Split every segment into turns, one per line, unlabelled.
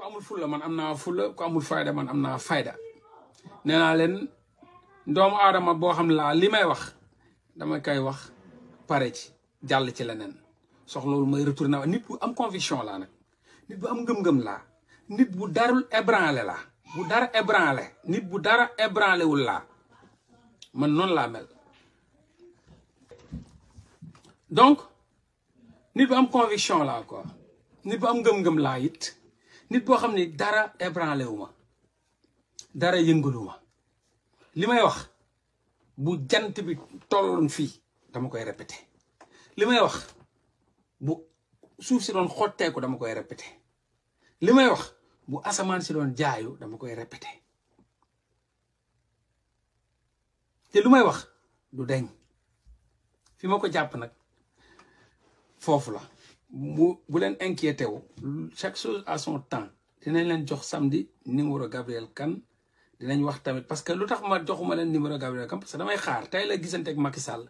ku amul fulla man am naa fulla ku amul fayda man am naa fayda nee naa leen doomu aadama boo xam laa li may wax dama koy wax pare ci jàll ci leneen soxla loolu may retourné nit bu am conviction laa nag nit bu am ngëm-ngëm laa nit bu darul ébranlé laa bu dara ébranlé nit bu dara ébranlé wul laa man noonu laa mel donc nit bu am conviction laa quoi nit bu am ngëm-ngëm laa it nit boo xam ne dara ébranlé wu ma dara yëngalu ma li may wax bu jant bi tolloon fii dama koy répété li may wax bu suuf si doon xotteeku dama koy répété li may wax bu asamaan si doon jaayu dama koy répété te lu may wax du deñ fi ma ko jàpp nag foofu la mu bu leen inquiété wu chaque chose à son temps dinañ leen jox samedi numéro Gabriel kan dinañ wax tamit parce que lu tax ma joxuma leen numéro Gabriel Kane parce que damay xaar tey la gisante ak Macky Sall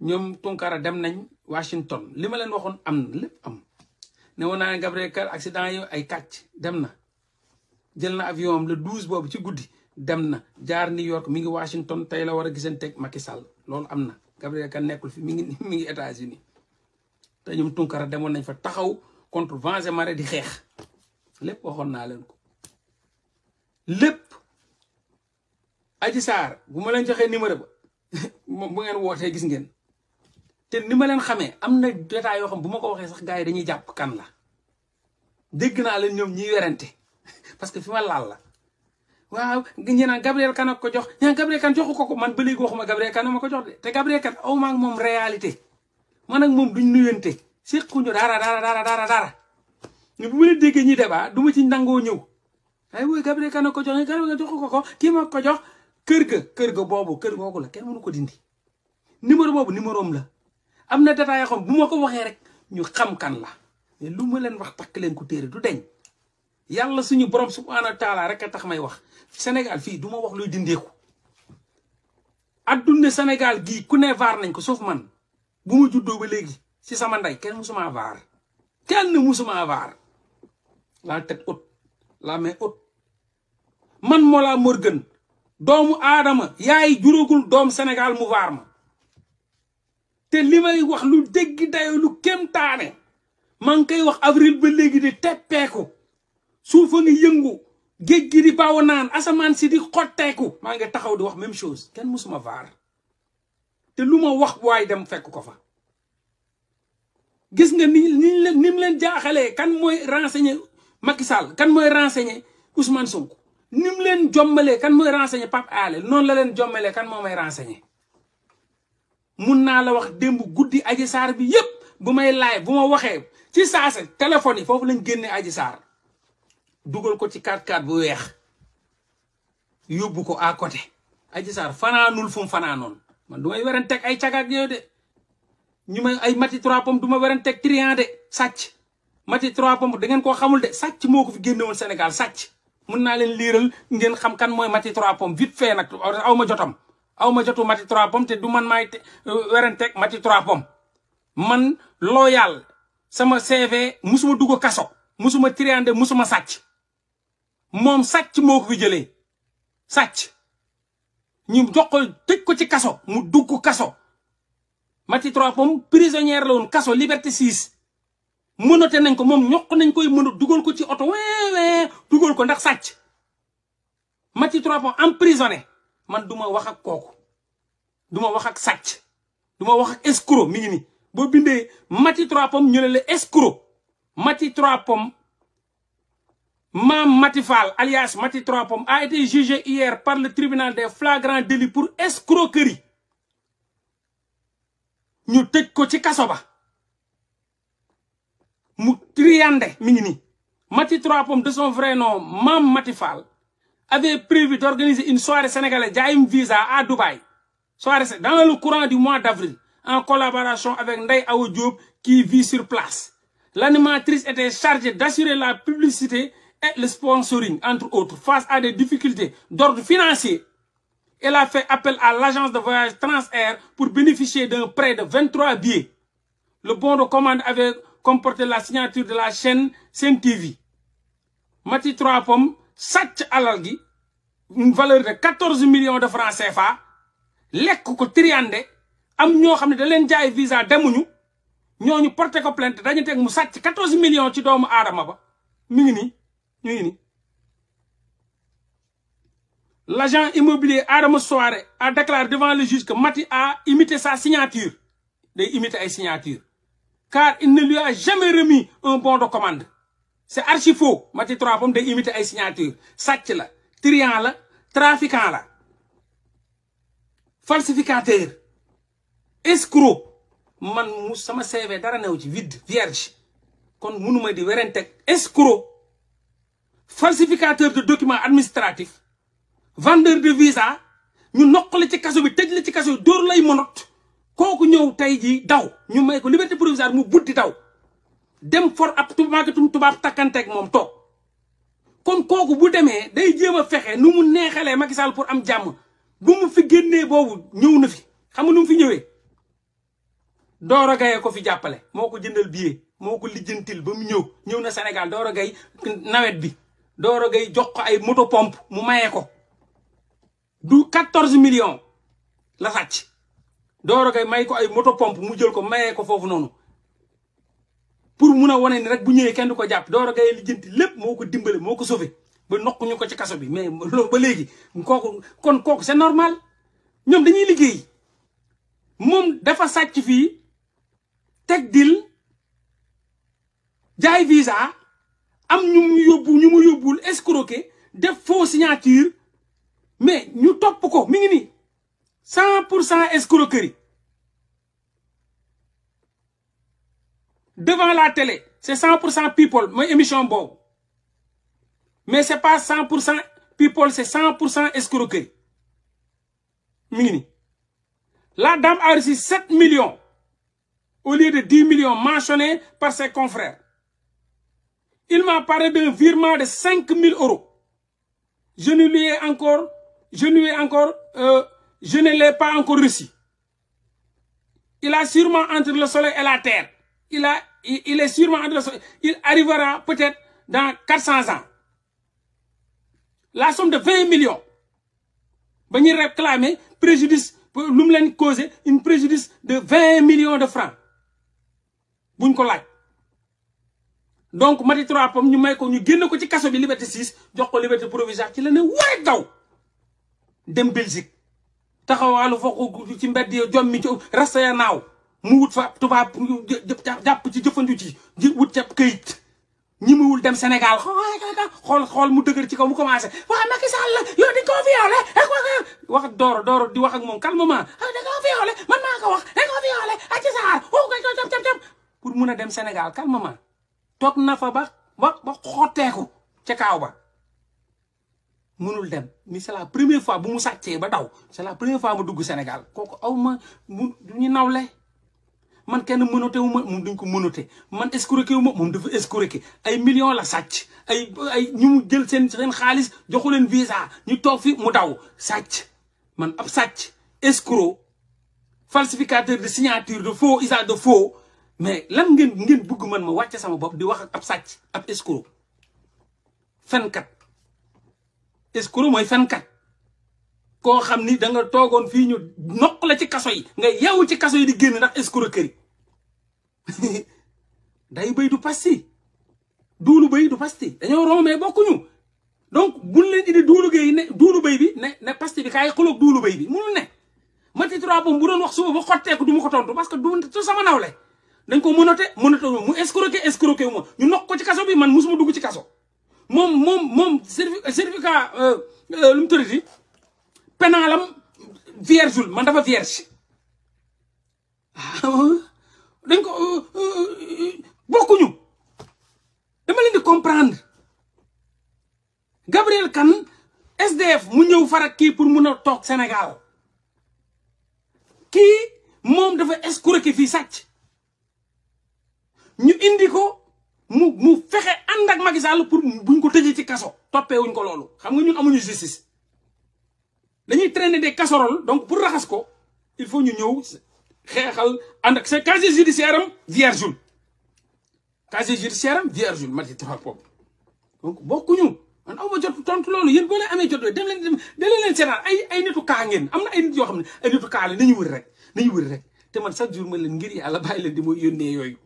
ñoom Tunkara dem nañ Washington li ma leen waxoon am na lépp am ne naa ne Gabriel Kane accident yi ay kac dem na jël na avion am le douze boobu ci guddi dem na jaar New York mi ngi Washington tey la war a gisante ak Macky Sall loolu am na Gabriel Kane nekkul fi mi mi ngi états te ñoom Tunkara demon nañ fa taxaw contre vents et marées di xex lepp waxon na len ko lepp aji sar bu ma leen joxee numéro ba bu ngeen wote gis ngeen te ni ma leen xamee am na détails xam bu ko sax gaay dañuy japp kan la dégg na len ñom ñi parce que fima laal la waaw na Gabriel kan ko jox ñi Gabriel kan joxuko ko man ba waxuma Gabriel kan mako jox te Gabriel kan aw ma ak mom réalité man moom moom duñ nuyante séquñu dara dara dara daara dara ñu bu ma leen déggee ñuy débat du ma ci nangoo ñëw ay wooy Gabriel Kane ko jox Gabriel Kane jox ko ko kii ma ko jox kër ga kër ga boobu kër googu la kenn mënu ko dindi numéro boobu numéro am la am na détail yoo xam bu ma ko waxee rek ñu xam kan la mais lu ma leen wax takk leen ko téere du deñ yàlla suñu borom subhaana wa taala rek a tax may wax Sénégal fii du ma wax luy dindeeku adduna senegal gii ku ne vaar nañ ko sauf man bu ma juddoo ba léegi si sama nday kenn musuma vaar kenn musuma vaar laa teg ut laa may ut man Mollah Morgun doomu aadama yaay juróogul doom Sénégal mu vaar ma te li may wax lu dégg dayo lu kem taane maa ngi koy wax avril ba léegi di teppeeku suufa ngi yëngu géej gi di baaw naan asamaan si di xotteeku maa ngi taxaw di wax même chose kenn musuma vaar te lu ma wax waay dem fekk ko fa gis nga ni ni mu leen jaaxalee kan mooy renseigner Macky Sall kan mooy renseigner Ousmane Sonko ni mu leen jommale kan mooy renseigner Pape ale noonu la leen jommalee kan moo may renseigner mun naa la wax démb guddi aji saar bi yépp bu may laay bu ma waxee ci saase téléphone yi foofu lañ génnee Adji saar dugal ko ci 4 x bu weex yóbbu ko à côté Adji Sarr fanaanul fu mu fanaanoon man du may weranteeg ay cagaak yooyu de ñu may ay mati trois pommes du ma weranteeg trian de sàcc mati trois pommes da ngeen koo xamul de sàcc moo ko fi génne woon Sénégal sàcc mun naa leen liiral ngeen xam kan mooy mati trois pommes vite fait nag aw ma jotam aw ma jotu mati trois pommes te du man maay euh, weranteeg mati trois pommes man loyal sama CV musuma dugg kaso musuma triandé musuma sàcc moom sacc mook fi jëlee sàcc ñu jox ko tëj ko ci kaso mu dugg kaso Mati trois moom prisonnière la woon kaso liberté 6 mënote nañ ko moom ñoq nañ koy mën a dugal ko ci oto weewee dugal ko ndax sàcc Mati trois moom emprisonné man du ma wax ak kooku du ma wax ak sàcc du wax ak mi nii boo bindee Mati trois ñu ne la escroc Mati trois Mam Matifal, alias Mati Troapom, a été jugé hier par le tribunal des flagrants délits pour escroquerie. Nous tête côté Kassoba. Nous triande, mini. Mati Troapom, de son vrai nom, Mam Matifal, avait prévu d'organiser une soirée sénégalaise, Jaim Visa, à Dubaï. Soirée, dans le courant du mois d'avril, en collaboration avec Ndai Aoudioub, qui vit sur place. L'animatrice était chargée d'assurer la publicité le sponsoring, entre autres, face à des difficultés d'ordre financier, elle a fait appel à l'agence de voyage Transair pour bénéficier d'un prêt de 23 billets. Le bon de commande avait comporté la signature de la chaîne CNTV. Mati 3 pommes, Alalgi, une valeur de 14 millions de francs CFA Les ko amnion am ñoo de visa da leen jaay visa demuñu avons porté ko plainte dañu teg mu 14 millions de doomu à ba millions L'agent immobilier Adam Soare a déclaré devant le juge que Mati a imité sa signature de imiter sa signature car il ne lui a jamais remis un bon de commande C'est archi faux Mati trois de imiter sa signature sàcc la triant la trafiquant la falsificateur escroc man CV vide vierge kon di escroc falsificateur de documents administratifs vendeur de visa ñu noq la ci kaso bi tej la ci kaso bi dóor lay monot kooku ñëw tey jii daw ñu may ko liberté provisoire mu buddi daw dem for ab màggatum tubaab takkanteeg moom toog kon kooku bu demee day jéem a fexe nu mu neexalee Macky Sall pour am jàmm bu mu fi génnee boobu ñëw na fi xam nga nu fi ñëwee Doro Gaye ko fi jàppale moo ko jëndal billet moo ko lijjantil ba mu ñëw ñëw na Sénégal Doro Gaye nawet bi Doro gay jox ko ay moto pomp mu maye ko du 14 million la sàcc Doro Gaye may ko ay moto pompe mu jël ko maye ko foofu noonu pour mun a wane ni rek bu ñëwee kenn du ko jàpp Doro gay lijjanti lépp moo ko dimbale moo ko sauvé ba nokk ñu ko ci kaso bi mais loolu ba léegi kooku kon kooku se normal ñoom dañuy liggéey moom dafa sàcc fii teg dil jaay visa Nous, ñum yobbu Des escroquer faux signatures, mais nous top ko mi ngi escroquerie devant la télé c'est 100% people mais émission bon. mais c'est pas 100% people c'est 100% escroquerie mi la dame a reçu 7 millions au lieu de 10 millions mentionnés par ses confrères il m'a parlé d'un virement de 5 000 euros. Je ne lui ai encore, je ne lui ai encore, euh, je ne l'ai pas encore reçu. Il a sûrement entre le soleil et la terre. Il, a, il, est sûrement Il arrivera peut-être dans 400 ans. La somme de 20 millions. venir réclamer préjudice pour l'homme une préjudice de 20 millions de francs Bon ko donc Mati Trois Pommes ñu may ko ñu génn ko ci kaso bi liberté 6 jox ko liberté provisoire ci la ne waree daw dem Belgique taxawaalu foofu ci mbedd yo jom mi ci rasta naaw mu wut fa tubaab jàpp ci jëfandu ci wut ca këyit ñi muwul dem Sénégal xool xool mu dëgër ci kaw mu commencé waa Macky Sall la yow di koo violé eh, wax dooro dooro di wax ak moom calmement ah, da koo violé man maa ko wax da koo violé ak ci saar pour mun a dem Sénégal calmement toog na fa ba ba ba xotteeku ca kaaw ba mënul dem ni c'est la première fois bu mu sàccee ba daw c'est la première fois mu dugg Sénégal kooku aw ma mu du ñu nawle man kenn mënote wu ma moom mënote man escroqué wu ma moom dafa escroqué ay million la sàcc ay ay ñu jël seen seen xaalis joxu leen visa ñu toog fi mu daw sàcc man ab sàcc escroc falsificateur de signature de faux usage de faux mais lan ngeen ngeen bëgg man ma wacce sama bop di wax ak ab sacc ab fen kat escro moy fen kat ko xamni da nga togon fi ñu nok la ci kasso yi nga yeewu ci kasso yi di génn ndax keri day bay du pasti dulu bay du pasti romé bokku ñu donc buñ leen indi duulu géey ne duulu bay bi ne ne pasti bi kaay xuloog duulu bay bi munul ne Mati Trois Pommes bu doon wax suba ba xotteku du ko tontu parce que du sama nawle dañ ko mënote mënote mu é o wu ma ñu nokk ko ci kaso bi man musuma dugg ci kaso moom moom moom certificat euh, euh, lu mu tëriti pénalam viergeul man dafa vierge ah, euh, dañ ko bokkuñu dama leen di comprendre Gabriel Kane SDF mu ñëw que kii pour mun a toog Sénégal kii moom dafa escroqué fii sàcc ñu indi ko mu mu fexe ànd ak Macky Sall pour buñ ko tëjee ci kaso toppee wuñ ko loolu xam nga ñun amuñu justice dañuy traîner des casseroles donc pour raxas ko il faut ñu ñëw xeexal ànd ak sa casier judiciaire am vierge casier judiciaire am vierge mati trois pop donc bokkuñu man aw ma jot tontu loolu yéen boo leen amee jot dem leen dem da ay nit nitu kaa ngeen am na ay nit yoo xam ne ay nitu kaa la nañu wër rek nañu wër rek te man chaque jour ma leen l yàlla bàyyi leen di ma yónnee yooyu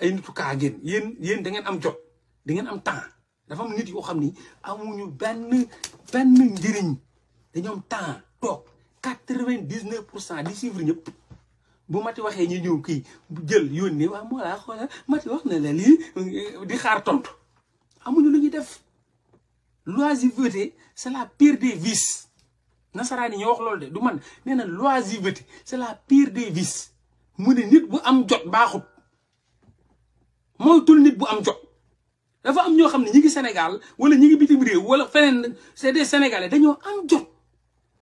ay nitu ka ngeen yeen yeen da ngeen am jot da ngeen am temps dafa am nit yoo xamni amuñu ben ben ndirign dañoo am temps tok 99% di suivre ñep bu mati waxe ñu ñëw ki jël yoni wa mo la xoolal mati wax na la li di xaar tontu amuñu lu ñuy def l'oisiveté c'est la pire des vices nasarani ñu wax lol de du man nee na l'oisiveté c'est la pire des vices mune nit bu am jot baxut moytul nit bu am jot dafa am ñoo xam ne ñi ngi Sénégal wala ñi ngi bitim réew wala feneen c'est des Sénégalais dañoo am jot